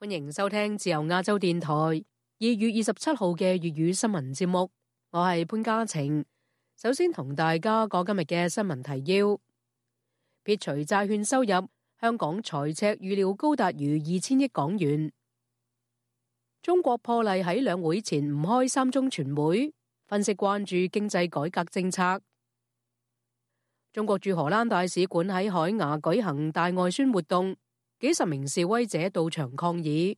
歡迎收聽自由亞洲電台二月二十七號嘅粵語新聞節目，我係潘嘉晴。首先同大家講今日嘅新聞提要：撇除債券收入，香港財赤預料高達逾二千億港元。中國破例喺兩會前唔開三中全會，分析關注經濟改革政策。中國駐荷蘭大使館喺海牙舉行大外宣活動。幾十名示威者到場抗議。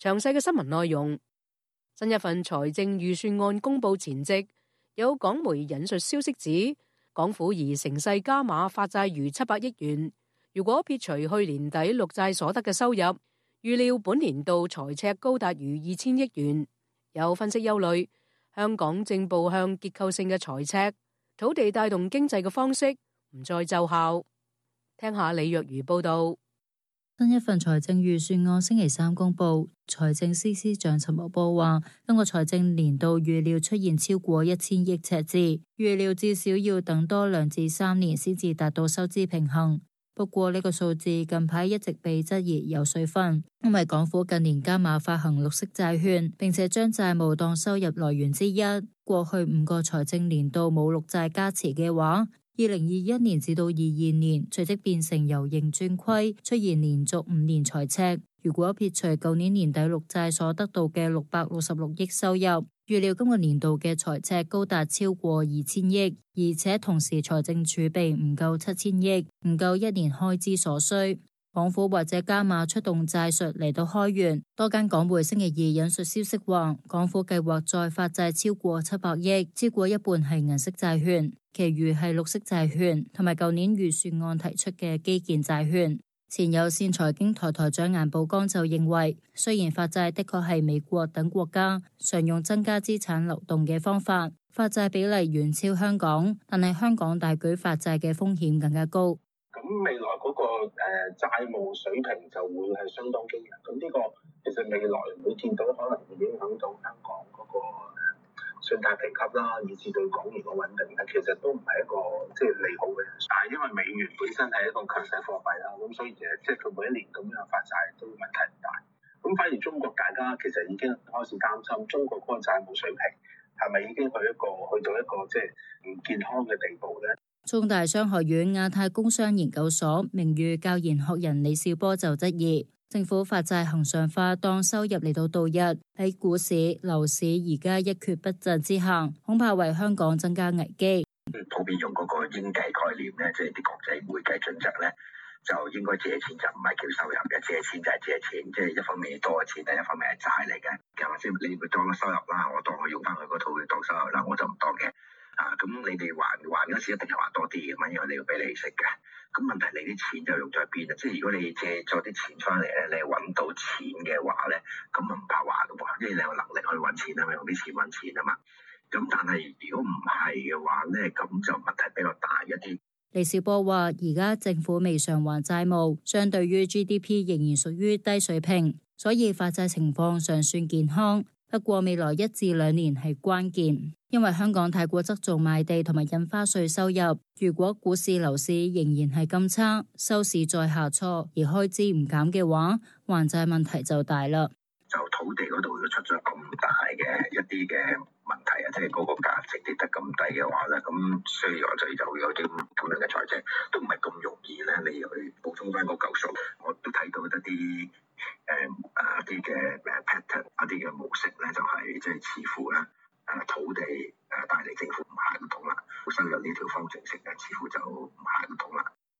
詳細嘅新聞內容。新一份財政預算案公布前夕，有港媒引述消息指，港府已成勢加碼發債逾七百億元。如果撇除去年底綠債所得嘅收入，預料本年度財赤高達逾二千億元。有分析憂慮。香港正步向結構性嘅財赤，土地帶動經濟嘅方式唔再奏效。聽下李若如報道。新一份財政預算案星期三公佈，財政司司長陳茂波話，今個財政年度預料出現超過一千億赤字，預料至少要等多兩至三年先至達到收支平衡。不過呢個數字近排一直被質疑有水分，因為港府近年加碼發行綠色債券，並且將債務當收入來源之一。過去五個財政年度冇綠債加持嘅話，二零二一年至到二二年，隨即變成由盈轉虧，出現連續五年財赤。如果撇除舊年年底綠債所得到嘅六百六十六億收入。預料今個年度嘅財赤高達超過二千億，而且同時財政儲備唔夠七千億，唔夠一年開支所需。港府或者加碼出動債術嚟到開源。多間港媒星期二引述消息話，港府計劃再發債超過七百億，超過一半係銀色債券，其餘係綠色債券同埋舊年預算案提出嘅基建債券。前有線財經台台長顏寶剛就認為，雖然發債的確係美國等國家常用增加資產流動嘅方法，發債比例遠超香港，但係香港大舉發債嘅風險更加高。咁未來嗰個誒債務水平就會係相當驚人，咁呢個其實未來每見到可能會影響到香港嗰、嗰個。信貸評級啦，以至對港元嘅穩定咧，其實都唔係一個即係利好嘅。但係因為美元本身係一個強勢貨幣啦，咁所以誒，即係佢每一年咁樣發債都問題唔大。咁反而中國大家其實已經開始擔心，中國嗰個債務水平係咪已經去一個去到一個即係唔健康嘅地步咧？中大商學院亞太工商研究所名譽教研學人李兆波就質疑。政府發債恒常化，當收入嚟到度日，喺股市、樓市而家一蹶不振之下，恐怕為香港增加危機。普遍用嗰個應計概念咧，即係啲國際會計準則咧，就應該借錢就唔係叫收入嘅，借錢就係借錢，即係一方面係多錢，另一方面係債嚟嘅，係咪先？你當收入啦，我當佢用翻佢嗰套去當收入，嗱我，我就唔當嘅。啊，咁你哋還還嗰時一定係話多啲嘅嘛，因為要你要俾利息嘅。咁問題你啲錢就用咗喺邊啊？即係如果你借咗啲錢翻嚟咧，你揾到錢嘅話咧，咁啊唔怕話嘅喎，因為即係你有能力去揾錢啦，用啲錢揾錢啊嘛。咁但係如果唔係嘅話咧，咁就問題比較大一啲。李兆波話：而家政府未償還債務，相對於 G D P 仍然屬於低水平，所以發債情況尚算健康。不過未來一至兩年係關鍵，因為香港太過側重賣地同埋印花稅收入。如果股市樓市仍然係咁差，收市再下挫而開支唔減嘅話，還債問題就大啦。就土地嗰度出咗咁大嘅一啲嘅問題啊，即係嗰個價值跌得咁低嘅話咧，咁雖然我哋就有啲咁樣嘅財政，都唔係咁容易咧，你去補充翻個舊數，我都睇到一啲誒啊啲嘅。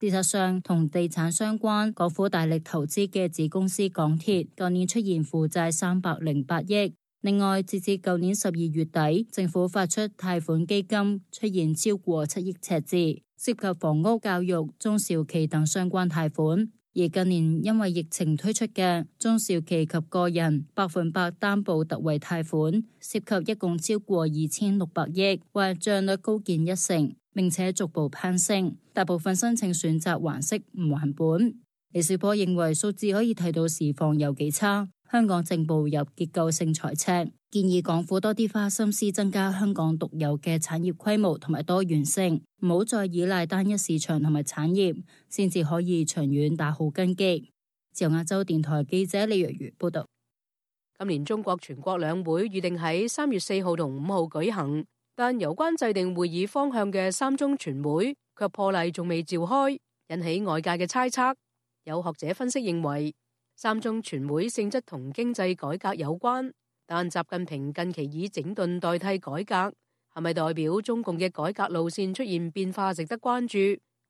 事實上，同地產相關，港府大力投資嘅子公司港鐵，舊年出現負債三百零八億。另外，截至舊年十二月底，政府發出貸款基金出現超過七億赤字，涉及房屋、教育、中小企等相關貸款。而近年因為疫情推出嘅中小企及個人百分百擔保特惠貸款，涉及一共超過二千六百億，壞賬率高見一成。並且逐步攀升，大部分申請選擇還息唔還本。李兆波認為數字可以睇到市況有幾差，香港正步入結構性財赤，建議港府多啲花心思增加香港獨有嘅產業規模同埋多元性，唔好再依賴單一市場同埋產業，先至可以長遠打好根基。自由亞洲電台記者李若如報道，今年中國全國兩會預定喺三月四號同五號舉行。但有關制定會議方向嘅三中全會卻破例仲未召開，引起外界嘅猜測。有學者分析認為，三中全會性質同經濟改革有關，但習近平近期以整頓代替改革，係咪代表中共嘅改革路線出現變化？值得關注。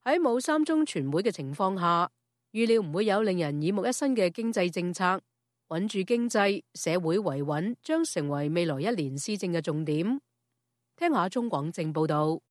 喺冇三中全會嘅情況下，預料唔會有令人耳目一新嘅經濟政策，穩住經濟、社會維穩將成為未來一年施政嘅重點。聽下中廣正報道。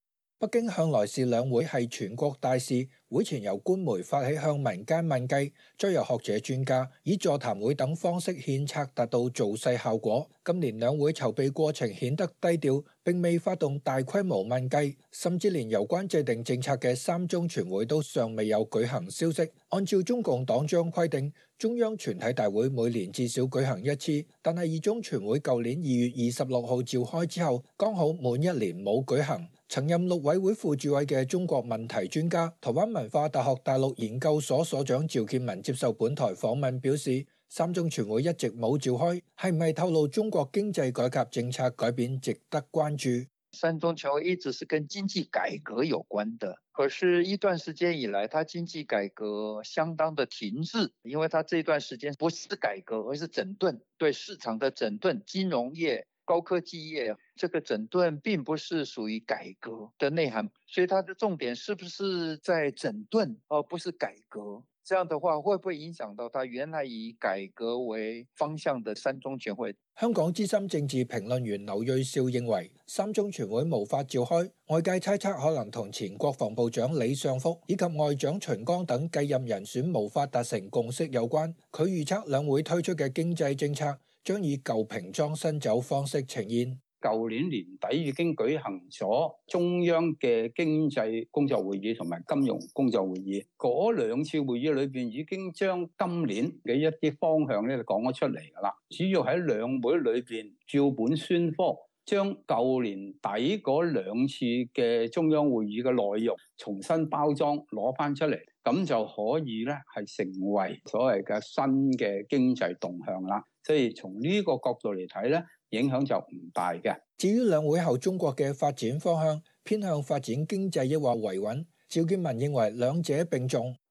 北京向來視兩會係全國大事，會前由官媒發起向民間問計，再由學者專家以座談會等方式獻策，達到造勢效果。今年兩會籌備過程顯得低調，並未發動大規模問計，甚至連有關制定政策嘅三中全會都尚未有舉行消息。按照中共黨章規定，中央全體大會每年至少舉行一次，但係二中全會舊年二月二十六號召開之後，剛好滿一年冇舉行。曾任陸委會副主委嘅中國問題專家、台灣文化大學大陸研究所所長趙建民接受本台訪問表示，三中全會一直冇召開，係唔係透露中國經濟改革政策改變，值得關注？三中全會一直是跟經濟改革有關的，可是一段時間以來，他經濟改革相當的停滯，因為他這段時間不是改革，而是整頓對市場的整頓，金融業。高科技業，這個整頓並不是屬於改革的內涵，所以它的重點是不是在整頓，而不是改革？這樣的話，會不會影響到他原來以改革為方向的三中全會？香港資深政治評論員劉銳紹認為，三中全會無法召開，外界猜測可能同前國防部長李尚福以及外長秦剛等繼任人選無法達成共識有關，佢預測兩會推出嘅經濟政策。將以舊瓶裝新酒方式呈現。舊年年底已經舉行咗中央嘅經濟工作會議同埋金融工作會議，嗰兩次會議裏邊已經將今年嘅一啲方向咧講咗出嚟噶啦，主要喺兩會裏邊照本宣科，將舊年底嗰兩次嘅中央會議嘅內容重新包裝攞返出嚟，咁就可以咧係成為所謂嘅新嘅經濟動向啦。所以從呢個角度嚟睇咧，影響就唔大嘅。至於兩會後中國嘅發展方向偏向發展經濟抑或維穩，趙建文認為兩者並重。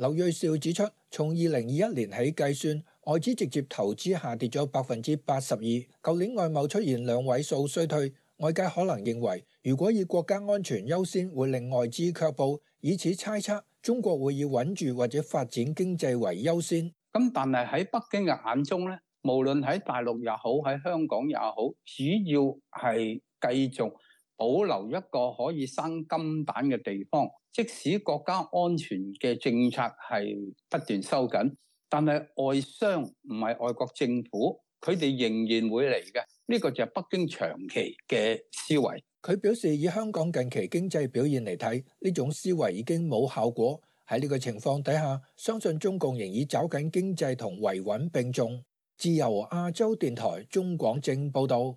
劉瑞少指出，從二零二一年起計算，外資直接投資下跌咗百分之八十二。舊年外貿出現兩位數衰退，外界可能認為如果以國家安全優先，會令外資卻步。以此猜測，中國會以穩住或者發展經濟為優先。咁但係喺北京嘅眼中咧，無論喺大陸也好，喺香港也好，主要係繼續。保留一個可以生金蛋嘅地方，即使國家安全嘅政策係不斷收緊，但係外商唔係外國政府，佢哋仍然會嚟嘅。呢、這個就係北京長期嘅思維。佢表示，以香港近期經濟表現嚟睇，呢種思維已經冇效果。喺呢個情況底下，相信中共仍然走緊經濟同維穩並重。自由亞洲電台中廣正報道。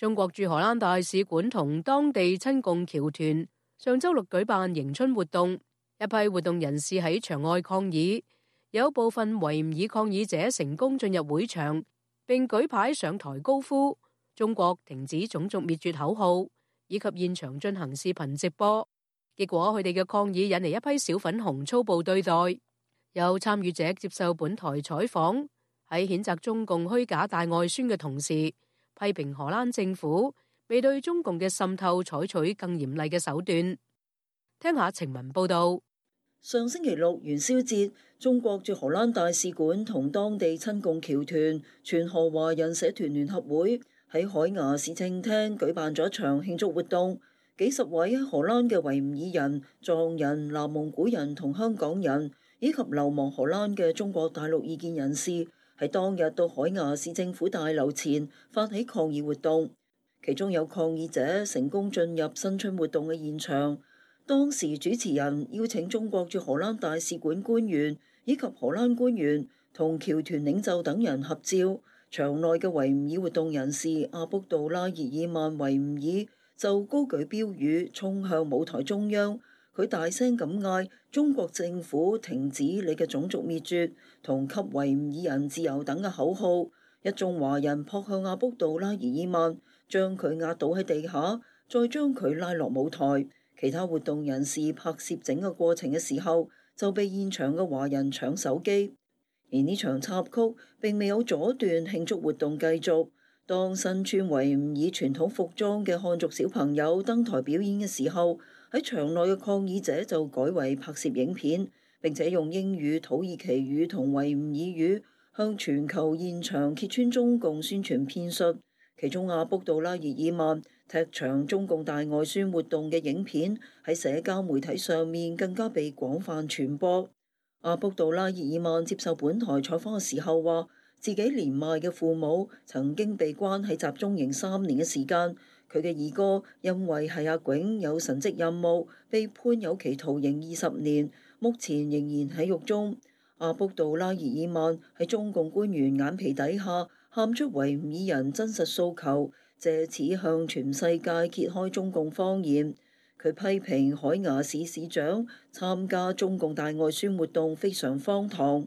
中國駐荷蘭大使館同當地親共僑團上周六舉辦迎春活動，一批活動人士喺場外抗議，有部分維吾爾抗議者成功進入會場，並舉牌上台高呼“中國停止種族滅絕”口號，以及現場進行視頻直播。結果佢哋嘅抗議引嚟一批小粉紅粗暴對待，有參與者接受本台採訪，喺譴責中共虛假大外宣嘅同時。批評荷蘭政府未對中共嘅滲透採取更嚴厲嘅手段。聽下情文報道，上星期六元宵節，中國駐荷蘭大使館同當地親共僑團全荷華人社團聯合會喺海牙市政廳舉辦咗一場慶祝活動，幾十位喺荷蘭嘅維吾爾人、藏人、南蒙古人同香港人以及流亡荷蘭嘅中國大陸異見人士。喺當日到海牙市政府大樓前發起抗議活動，其中有抗議者成功進入新春活動嘅現場。當時主持人邀請中國駐荷蘭大使館官員以及荷蘭官員同僑團領袖等人合照，場內嘅維吾爾活動人士阿卜杜拉熱爾曼維吾爾就高舉標語衝向舞台中央。佢大聲咁嗌：中國政府停止你嘅種族滅絕同給維吾爾人自由等嘅口號。一眾華人撲向阿卜杜拉爾爾曼，將佢壓倒喺地下，再將佢拉落舞台。其他活動人士拍攝整個過程嘅時候，就被現場嘅華人搶手機。而呢場插曲並未有阻斷慶祝活動繼續。當身穿維吾爾傳統服裝嘅漢族小朋友登台表演嘅時候，喺場內嘅抗議者就改為拍攝影片，並且用英語、土耳其語同維吾爾語向全球現場揭穿中共宣傳騙術。其中阿卜杜拉熱爾曼踢場中共大外宣活動嘅影片喺社交媒體上面更加被廣泛傳播。阿卜杜拉熱爾曼接受本台採訪嘅時候話，自己年邁嘅父母曾經被關喺集中營三年嘅時間。佢嘅二哥因為係阿囧有神職任務，被判有期徒刑二十年，目前仍然喺獄中。阿卜杜拉爾以曼喺中共官員眼皮底下喊出維吾爾人真實訴求，借此向全世界揭開中共謊言。佢批評海牙市市長參加中共大外宣活動非常荒唐。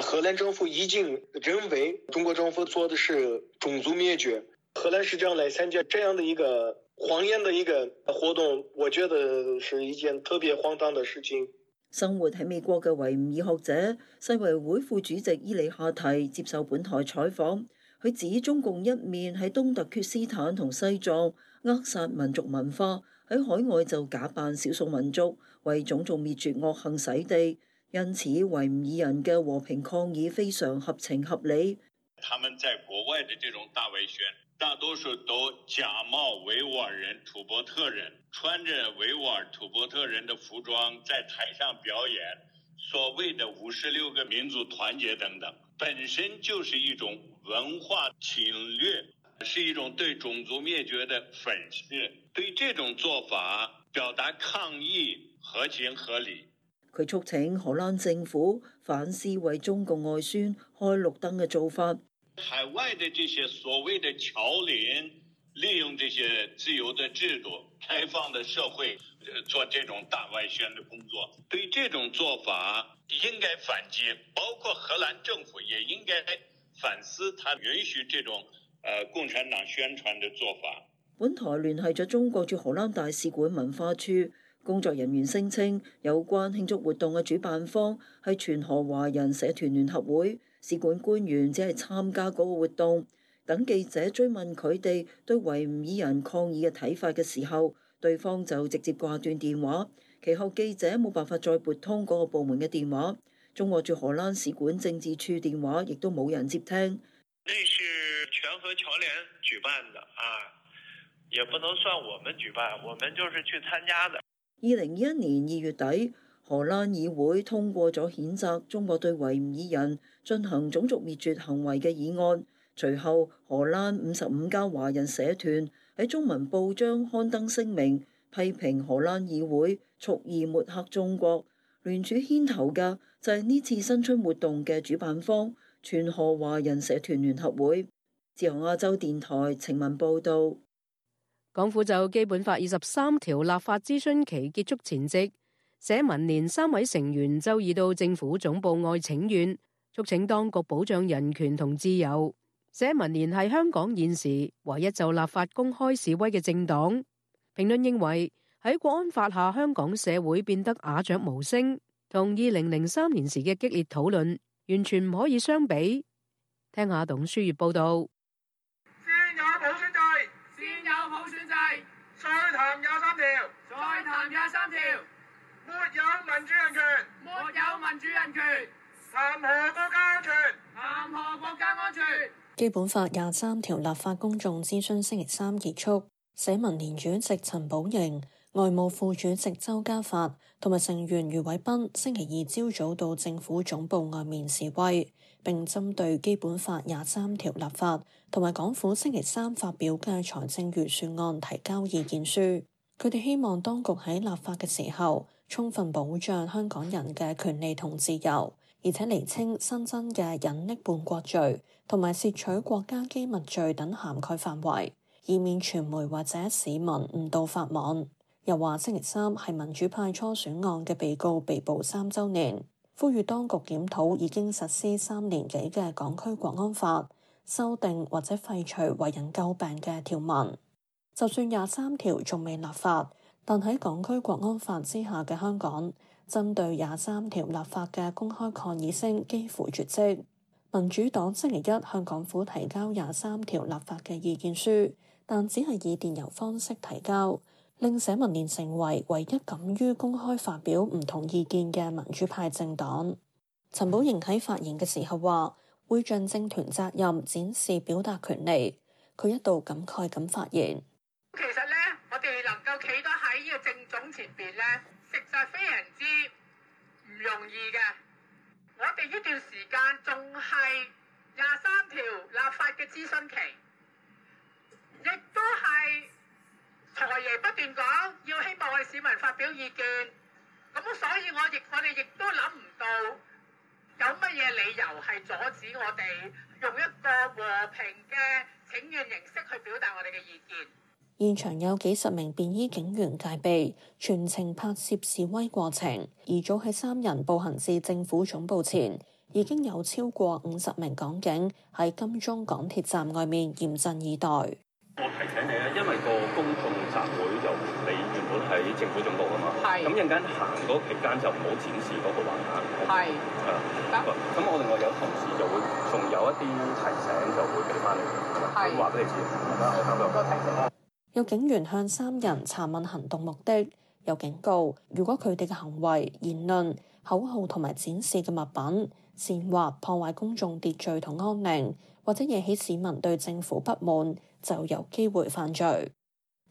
荷蘭政府已經認為中國政府做的是種族滅絕，荷蘭市長來參加這樣的一個謊言的一個活動，我覺得是一件特別荒唐的事情。生活喺美國嘅維吾爾學者、世維會副主席伊里夏提接受本台採訪，佢指中共一面喺東特厥斯坦同西藏扼殺民族文化，喺海外就假扮少數民族為種族滅絕惡行洗地。因此，維吾爾人嘅和平抗議非常合情合理。他們在國外的這種大外宣，大多數都假冒維吾爾人、土伯特人，穿着維吾爾土伯特人的服裝在台上表演所謂的五十六個民族團結等等，本身就是一種文化侵略，是一種對種族滅絕的粉飾。對這種做法，表達抗議合情合理。佢促請荷蘭政府反思為中共外宣開綠燈嘅做法。海外嘅這些所謂嘅僑領，利用這些自由的制度、開放的社會，做這種大外宣的工作，對這種做法應該反擊，包括荷蘭政府也應該反思，他允許這種呃共產黨宣傳的做法。本台聯繫咗中國駐荷蘭大使館文化處。工作人員聲稱有關慶祝活動嘅主辦方係全荷華人社團聯合會，使館官員只係參加嗰個活動。等記者追問佢哋對維吾爾人抗議嘅睇法嘅時候，對方就直接掛斷電話。其後記者冇辦法再撥通嗰個部門嘅電話，中國駐荷蘭使館政治處電話亦都冇人接聽。這是全荷僑聯舉辦的啊，也不能算我們舉辦，我們就是去參加的。二零二一年二月底，荷蘭議會通過咗譴責中國對維吾爾人進行種族滅絕行為嘅議案。隨後，荷蘭五十五家華人社團喺中文報章刊登聲明，批評荷蘭議會蓄意抹黑中國。聯署牽頭嘅就係呢次新春活動嘅主辦方，全荷華人社團聯合會。自由亞洲電台情文報道。港府就《基本法》二十三條立法諮詢期結束前夕，社民連三位成員周二到政府總部外請願，促請當局保障人權同自由。社民連係香港現時唯一就立法公開示威嘅政黨。評論認為喺國安法下，香港社會變得鴉雀無聲，同二零零三年時嘅激烈討論完全唔可以相比。聽下董書月報道。再談廿三條，再談廿三條，沒有民主人權，沒有民主人權，談何國家安全，談何國家安全？基本法廿三條立法公眾諮詢星期三結束，社民連主席陳寶瑩、外務副主席周家發同埋成員余偉斌星期二朝早到政府總部外面示威。並針對《基本法》廿三條立法，同埋港府星期三發表嘅財政預算案提交意見書。佢哋希望當局喺立法嘅時候，充分保障香港人嘅權利同自由，而且厘清新增嘅隱匿叛國罪同埋竊取國家機密罪等涵蓋範圍，以免傳媒或者市民誤墮法網。又話星期三係民主派初選案嘅被告被捕三周年。呼籲當局檢討已經實施三年幾嘅港區國安法修訂或者廢除為人詬病嘅條文。就算廿三條仲未立法，但喺港區國安法之下嘅香港，針對廿三條立法嘅公開抗議聲幾乎絕迹。民主黨星期一向港府提交廿三條立法嘅意見書，但只係以電郵方式提交。令社民聯成為唯一敢於公開發表唔同意見嘅民主派政黨。陳寶瑩喺發言嘅時候話：，會盡政團責任，展示表達權利。佢一度感慨咁發言：，其實咧，我哋能夠企到喺呢個政總前邊咧，實在非常之唔容易嘅。我哋呢段時間仲係廿三條立法嘅諮詢期，亦都係。台爺不斷講要希望我市民發表意見，咁所以我亦我哋亦都諗唔到有乜嘢理由係阻止我哋用一個和平嘅請願形式去表達我哋嘅意見。現場有幾十名便衣警員戒備，全程拍攝示威過程。而早喺三人步行至政府總部前，已經有超過五十名港警喺金鐘港鐵站外面嚴陣以待。 喺政府總部啊嘛，咁陣間行嗰期間就冇展示嗰個物品，係啊，咁我另外有同事就會仲有一啲提醒就會俾翻你，話俾你知。有警員向三人查問行動目的，有警告：如果佢哋嘅行為、言論、口號同埋展示嘅物品，煽惑、破壞公眾秩序同安寧，或者惹起市民對政府不滿，就有機會犯罪。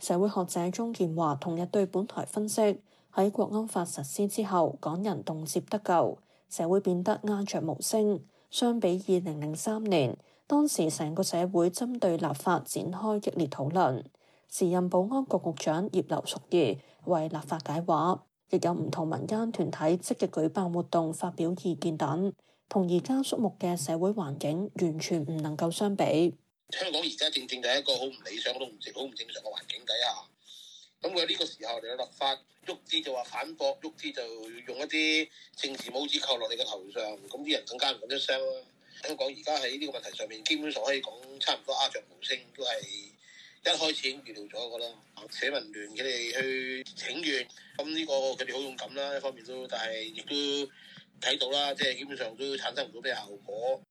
社會學者鍾健華同日對本台分析，喺國安法實施之後，港人動輒得咎，社會變得鴉雀無聲。相比二零零三年，當時成個社會針對立法展開激烈討論，時任保安局局長葉劉淑儀為立法解話，亦有唔同民間團體積極舉辦活動、發表意見等，同而家肅穆嘅社會環境完全唔能夠相比。香港而家正正就係一個好唔理想、都唔好唔正常嘅環境底下，咁佢喺呢個時候有立法，喐啲就話反駁，喐啲就用一啲政治帽子扣落你嘅頭上，咁啲人更加唔敢出聲啦。香港而家喺呢個問題上面，基本上可以講差唔多鴉雀無聲，都係一開始預料咗嘅啦。社民聯佢哋去請願，咁呢個佢哋好勇敢啦一方面都，但係亦都睇到啦，即係基本上都產生唔到咩效果。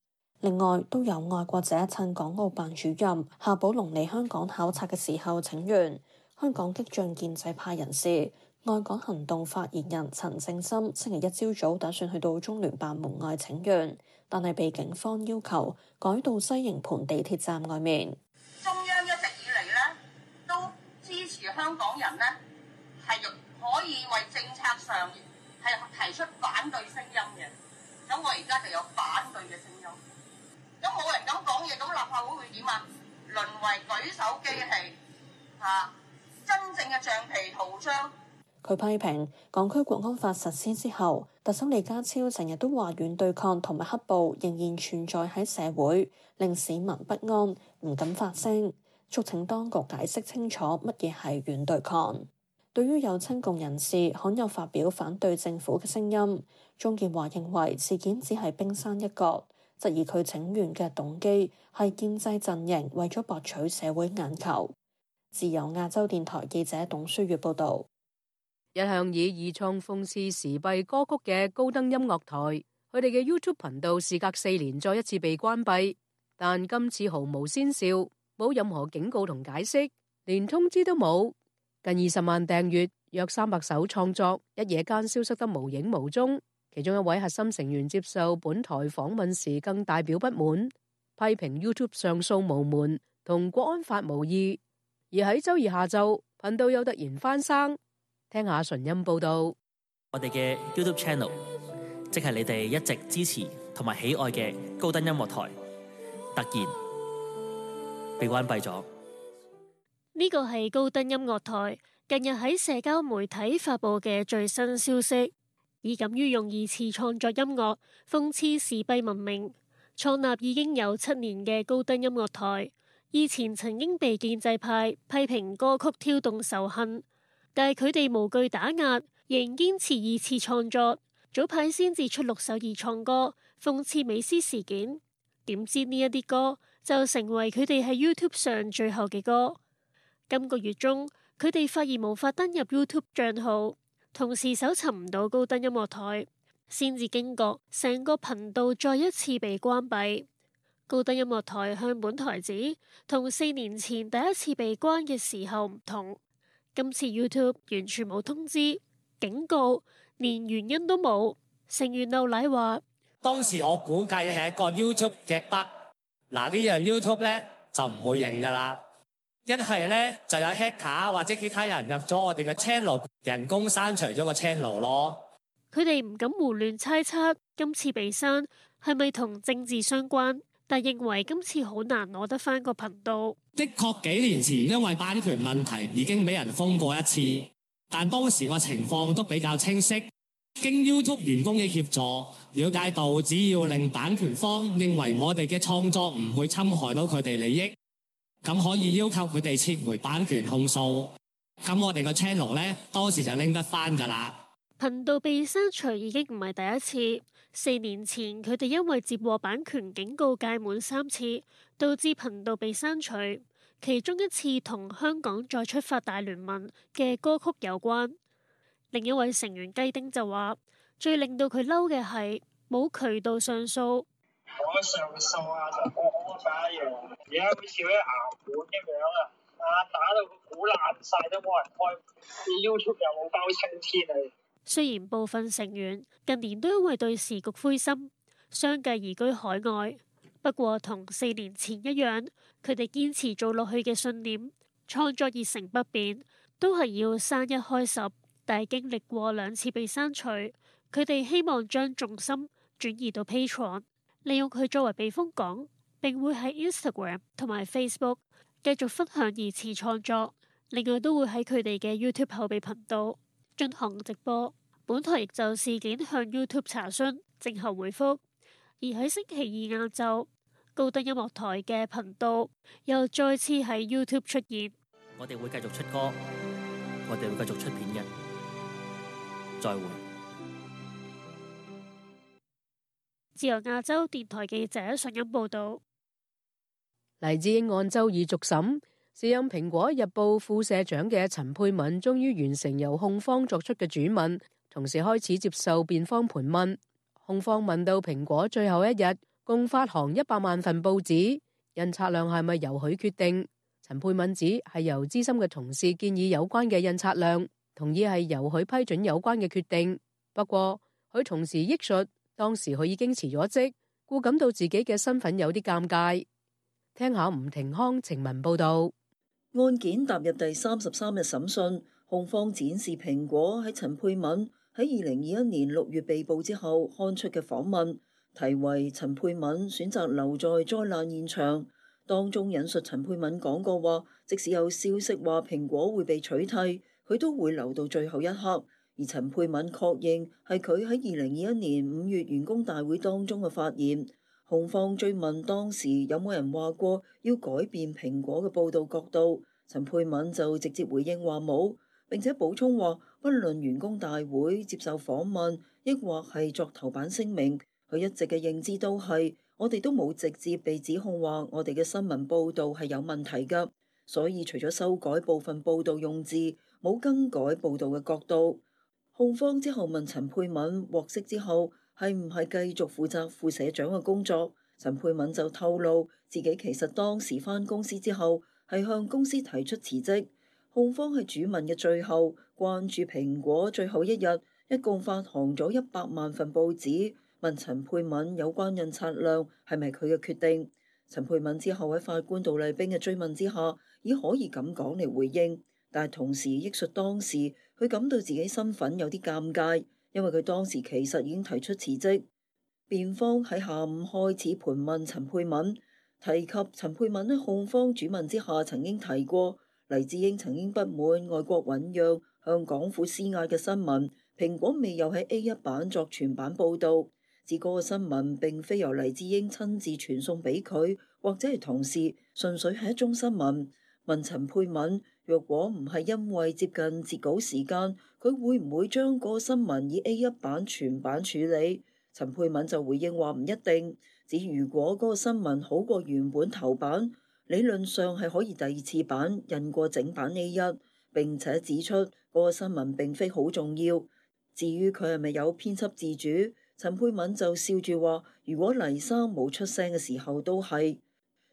另外，都有外國者趁港澳辦主任夏寶龍嚟香港考察嘅時候請願。香港激進建制派人士、外港行動發言人陳正森星期一朝早打算去到中聯辦門外請願，但係被警方要求改到西營盤地鐵站外面。中央一直以嚟咧都支持香港人咧係可以為政策上係提出反對聲音嘅，咁我而家就有反對嘅聲音。咁冇人敢講嘢，咁立法會會點啊？淪為舉手機器嚇，真正嘅橡皮圖章。佢批評港區《國安法》實施之後，特首李家超成日都話軟對抗同埋黑暴仍然存在喺社會，令市民不安，唔敢發聲。促請當局解釋清楚乜嘢係軟對抗。對於有親共人士罕有發表反對政府嘅聲音，鍾建華認為事件只係冰山一角。質疑佢請願嘅動機係建制陣營為咗博取社會眼球。自由亞洲電台記者董書月報道：一向以二創諷刺時弊歌曲嘅高登音樂台，佢哋嘅 YouTube 頻道事隔四年再一次被關閉，但今次毫無先兆，冇任何警告同解釋，連通知都冇。近二十萬訂閱，約三百首創作，一夜間消失得無影無蹤。其中一位核心成員接受本台訪問時，更大表不滿，批評 YouTube 上訴無門，同國安法無異。而喺周二下晝，頻道又突然翻生，聽下純音報道。我哋嘅 YouTube Channel，即係你哋一直支持同埋喜愛嘅高登音樂台，突然被關閉咗。呢個係高登音樂台近日喺社交媒體發布嘅最新消息。以敢於用二次創作音樂，諷刺時弊聞名，創立已經有七年嘅高登音樂台。以前曾經被建制派批評歌曲挑動仇恨，但係佢哋無懼打壓，仍堅持二次創作。早排先至出六首二創歌，諷刺美斯事件。點知呢一啲歌就成為佢哋喺 YouTube 上最後嘅歌。今個月中，佢哋發現無法登入 YouTube 賬號。同時搜尋唔到高登音樂台，先至驚覺成個頻道再一次被關閉。高登音樂台向本台指同四年前第一次被關嘅時候唔同，今次 YouTube 完全冇通知、警告，連原因都冇。成員劉禮話：當時我估計係一個 YouTube 嘅 bug，嗱呢樣 YouTube 咧就唔會認㗎啦。一係咧就有黑客、er、或者其他人入咗我哋嘅 channel，人工刪除咗個 channel 咯。佢哋唔敢胡亂猜測今次被刪係咪同政治相關，但認為今次好難攞得翻個頻道。的確幾年前因為版權問題已經俾人封過一次，但當時個情況都比較清晰，經 YouTube 員工嘅協助，了解到只要令版權方認為我哋嘅創作唔會侵害到佢哋利益。咁可以要求佢哋撤回版權控訴，咁我哋個 channel 咧，當時就拎得翻噶啦。頻道被刪除已經唔係第一次，四年前佢哋因為接獲版權警告屆滿三次，導致頻道被刪除，其中一次同香港再出發大聯盟嘅歌曲有關。另一位成員雞丁就話，最令到佢嬲嘅係冇渠道上訴，冇上訴啊！ 而家好似咩鹹股咁樣啊！打到個股爛晒都冇人開，YouTube 又冇包青天。雖然部分成員近年都因為對時局灰心，相繼移居海外，不過同四年前一樣，佢哋堅持做落去嘅信念、創作熱誠不變，都係要生一開十。但係經歷過兩次被刪除，佢哋希望將重心轉移到 Patreon，利用佢作為避風港。並會喺 Instagram 同埋 Facebook 繼續分享二次創作，另外都會喺佢哋嘅 YouTube 後備頻道進行直播。本台亦就事件向 YouTube 查詢，靜候回覆。而喺星期二晏晝，高登音樂台嘅頻道又再次喺 YouTube 出現。我哋會繼續出歌，我哋會繼續出片嘅。再會。自由亞洲電台記者訊音報道。黎智英案周二續審，時任蘋果日報副社長嘅陳佩敏終於完成由控方作出嘅主問，同時開始接受辯方盤問。控方問到蘋果最後一日共發行一百萬份報紙，印刷量係咪由佢決定？陳佩敏指係由資深嘅同事建議有關嘅印刷量，同意係由佢批准有關嘅決定。不過佢同時憶述，當時佢已經辭咗職，故感到自己嘅身份有啲尷尬。聽下吳庭康、程文報道。案件踏入第三十三日審訊，控方展示蘋果喺陳佩敏喺二零二一年六月被捕之後刊出嘅訪問，題為陳佩敏選擇留在災難現場，當中引述陳佩敏講過話，即使有消息話蘋果會被取締，佢都會留到最後一刻。而陳佩敏確認係佢喺二零二一年五月員工大會當中嘅發言。控方追問當時有冇人話過要改變蘋果嘅報導角度，陳佩敏就直接回應話冇，並且補充話，不論員工大會接受訪問，抑或係作頭版聲明，佢一直嘅認知都係我哋都冇直接被指控話我哋嘅新聞報導係有問題㗎。所以除咗修改部分報導用字，冇更改報導嘅角度。控方之後問陳佩敏獲釋之後係唔係繼續負責副社長嘅工作？陳佩敏就透露自己其實當時返公司之後係向公司提出辭職。控方喺主問嘅最後，關注蘋果最後一日，一共發行咗一百萬份報紙，問陳佩敏有關印刷量係咪佢嘅決定。陳佩敏之後喺法官杜麗冰嘅追問之下，以可以咁講嚟回應，但係同時憶述當時佢感到自己身份有啲尷尬。因為佢當時其實已經提出辭職，辯方喺下午開始盤問陳佩敏，提及陳佩敏喺控方主問之下曾經提過黎智英曾經不滿外國醞釀向港府施壓嘅新聞，蘋果未有喺 A 一版作全版報道，指嗰個新聞並非由黎智英親自傳送俾佢，或者係同事，純粹係一宗新聞，問陳佩敏。若果唔係因為接近截稿時間，佢會唔會將個新聞以 A 一版全版處理？陳佩敏就回應話唔一定，只如果嗰個新聞好過原本頭版，理論上係可以第二次版印過整版 A 一。並且指出嗰個新聞並非好重要。至於佢係咪有編輯自主？陳佩敏就笑住話：如果黎生冇出聲嘅時候都係。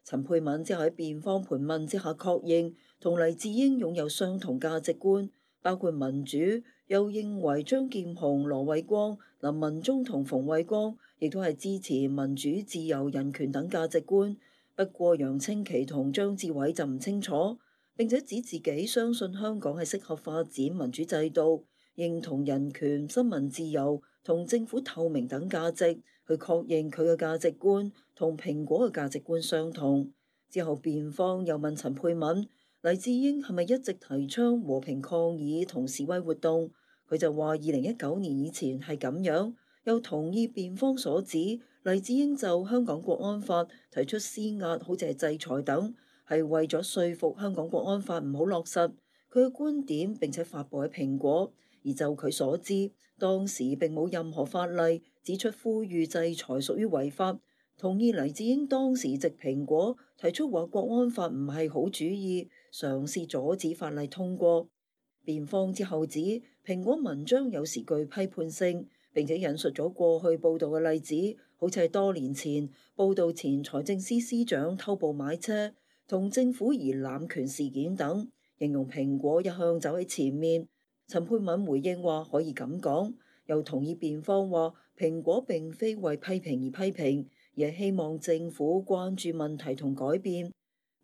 陳佩敏即係喺辯方盤問之下確認。同黎智英擁有相同價值觀，包括民主，又認為張劍虹、羅偉光、林文忠同馮偉光亦都係支持民主、自由、人權等價值觀。不過楊清奇同張志偉就唔清楚。並且指自己相信香港係適合發展民主制度，認同人權、新聞自由同政府透明等價值，去確認佢嘅價值觀同蘋果嘅價值觀相同。之後辯方又問陳佩敏。黎智英係咪一直提倡和平抗議同示威活動？佢就話：二零一九年以前係咁樣，又同意辯方所指黎智英就香港國安法提出施壓，好似係制裁等，係為咗說服香港國安法唔好落實。佢嘅觀點並且發佈喺蘋果，而就佢所知，當時並冇任何法例指出呼籲制裁屬於違法。同意黎智英當時直蘋果，提出話國安法唔係好主意，嘗試阻止法例通過，辯方之後指蘋果文章有時具批判性，並且引述咗過去報道嘅例子，好似係多年前報道前財政司司長偷步買車同政府疑濫權事件等，形容蘋果一向走喺前面。陳佩敏回應話：可以咁講，又同意辯方話蘋果並非為批評而批評，而係希望政府關注問題同改變。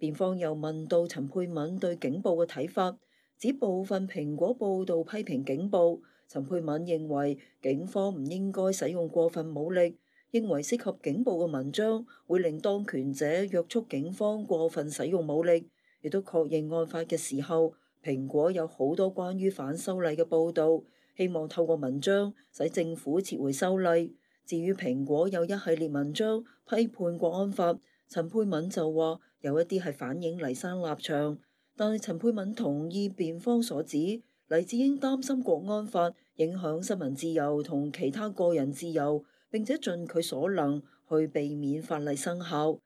辯方又問到陳佩敏對警暴嘅睇法，指部分蘋果報道批評警暴。陳佩敏認為警方唔應該使用過分武力，認為涉及警暴嘅文章會令當權者約束警方過分使用武力。亦都確認案發嘅時候，蘋果有好多關於反修例嘅報道，希望透過文章使政府撤回修例。至於蘋果有一系列文章批判國安法，陳佩敏就話，有一啲係反映黎生立場，但係陳佩敏同意辯方所指，黎智英擔心國安法影響新聞自由同其他個人自由，並且盡佢所能去避免法例生效。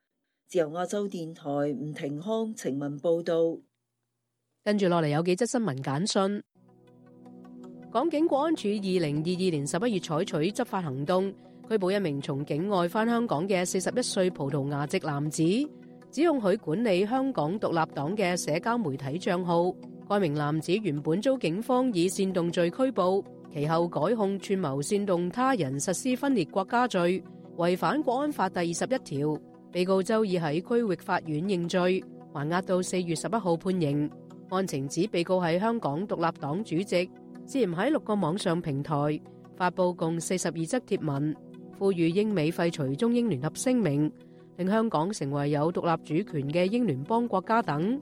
自由亞洲電台吳庭康情文報道，跟住落嚟有幾則新聞簡訊。港警國安處二零二二年十一月採取執法行動，拘捕一名從境外返香港嘅四十一歲葡萄牙籍男子。只用佢管理香港獨立黨嘅社交媒體帳號，該名男子原本遭警方以煽動罪拘捕，其後改控串謀煽動他人實施分裂國家罪，違反國安法第二十一條，被告周二喺區域法院認罪，還押到四月十一號判刑。案情指被告係香港獨立黨主席，涉嫌喺六個網上平台，發布共四十二則貼文，呼籲英美廢除中英聯合聲明。令香港成為有獨立主權嘅英聯邦國家等，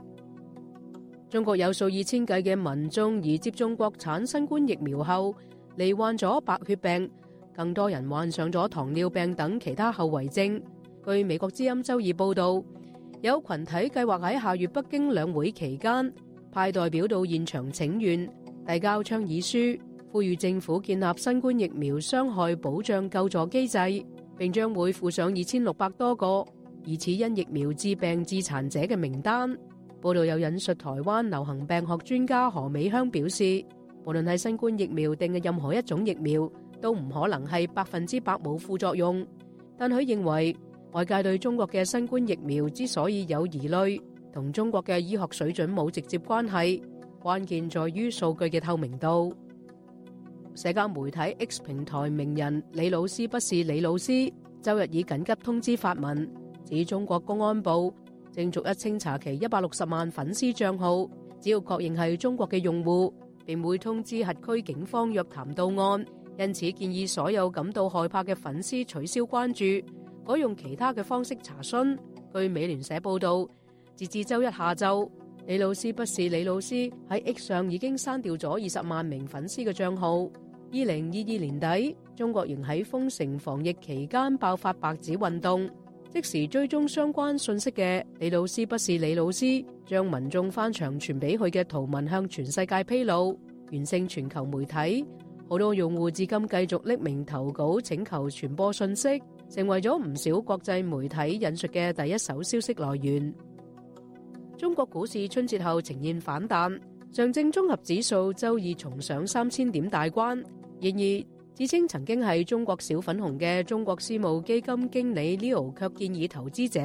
中國有數以千計嘅民眾以接種國產新冠疫苗後，罹患咗白血病，更多人患上咗糖尿病等其他後遺症。據美國《知音》周二報道，有群體計劃喺下月北京兩會期間派代表到現場請願，遞交倡議書，呼籲政府建立新冠疫苗傷害保障救助機制。並將會附上二千六百多個疑似因疫苗致病致殘者嘅名單。報道有引述台灣流行病學專家何美香表示，無論係新冠疫苗定係任何一種疫苗，都唔可能係百分之百冇副作用。但佢認為外界對中國嘅新冠疫苗之所以有疑慮，同中國嘅醫學水準冇直接關係，關鍵在於數據嘅透明度。社交媒體 X 平台名人李老師不是李老師，周日以緊急通知發文，指中國公安部正逐一清查其一百六十萬粉絲帳號，只要確認係中國嘅用戶，便會通知轄區警方約談到案。因此建議所有感到害怕嘅粉絲取消關注，改用其他嘅方式查詢。據美聯社報導，截至周一下晝，李老師不是李老師喺 X 上已經刪掉咗二十萬名粉絲嘅賬號。二零二二年底，中國仍喺封城防疫期間爆發白紙運動，即時追蹤相關信息嘅李老師不是李老師將民眾翻牆傳俾佢嘅圖文向全世界披露，完勝全球媒體。好多用戶至今繼續匿名投稿請求傳播信息，成為咗唔少國際媒體引述嘅第一手消息來源。中國股市春節後呈現反彈，上證綜合指數周二重上三千點大關。然而，自稱曾經係中國小粉紅嘅中國私募基金經理 Leo 卻建議投資者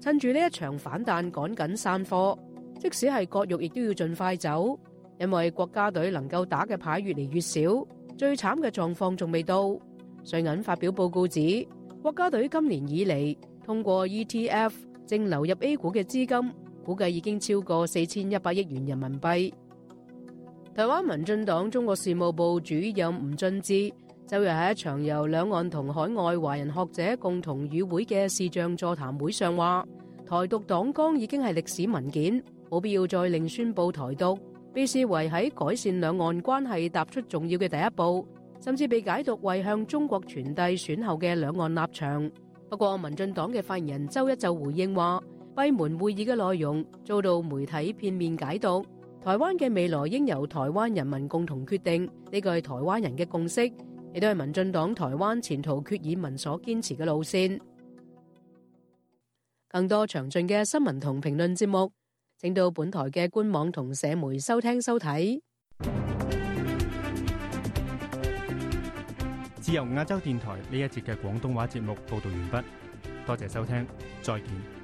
趁住呢一場反彈趕緊散貨，即使係割肉，亦都要盡快走，因為國家隊能夠打嘅牌越嚟越少。最慘嘅狀況仲未到，瑞銀發表報告指，國家隊今年以嚟通過 ETF 正流入 A 股嘅資金。估計已經超過四千一百億元人民幣。台灣民進黨中國事務部主任吳俊智周日喺一場由兩岸同海外華人學者共同與會嘅視像座談會上話，台獨黨綱已經係歷史文件，冇必要再另宣布台獨，被視為喺改善兩岸關係踏出重要嘅第一步，甚至被解讀為向中國傳遞選後嘅兩岸立場。不過，民進黨嘅發言人周一就回應話。閉門會議嘅內容遭到媒體片面解讀，台灣嘅未來應由台灣人民共同決定，呢個係台灣人嘅共識，亦都係民進黨台灣前途決議文所堅持嘅路線。更多詳盡嘅新聞同評論節目，請到本台嘅官網同社媒收聽收睇。自由亞洲電台呢一節嘅廣東話節目報道完畢，多謝收聽，再見。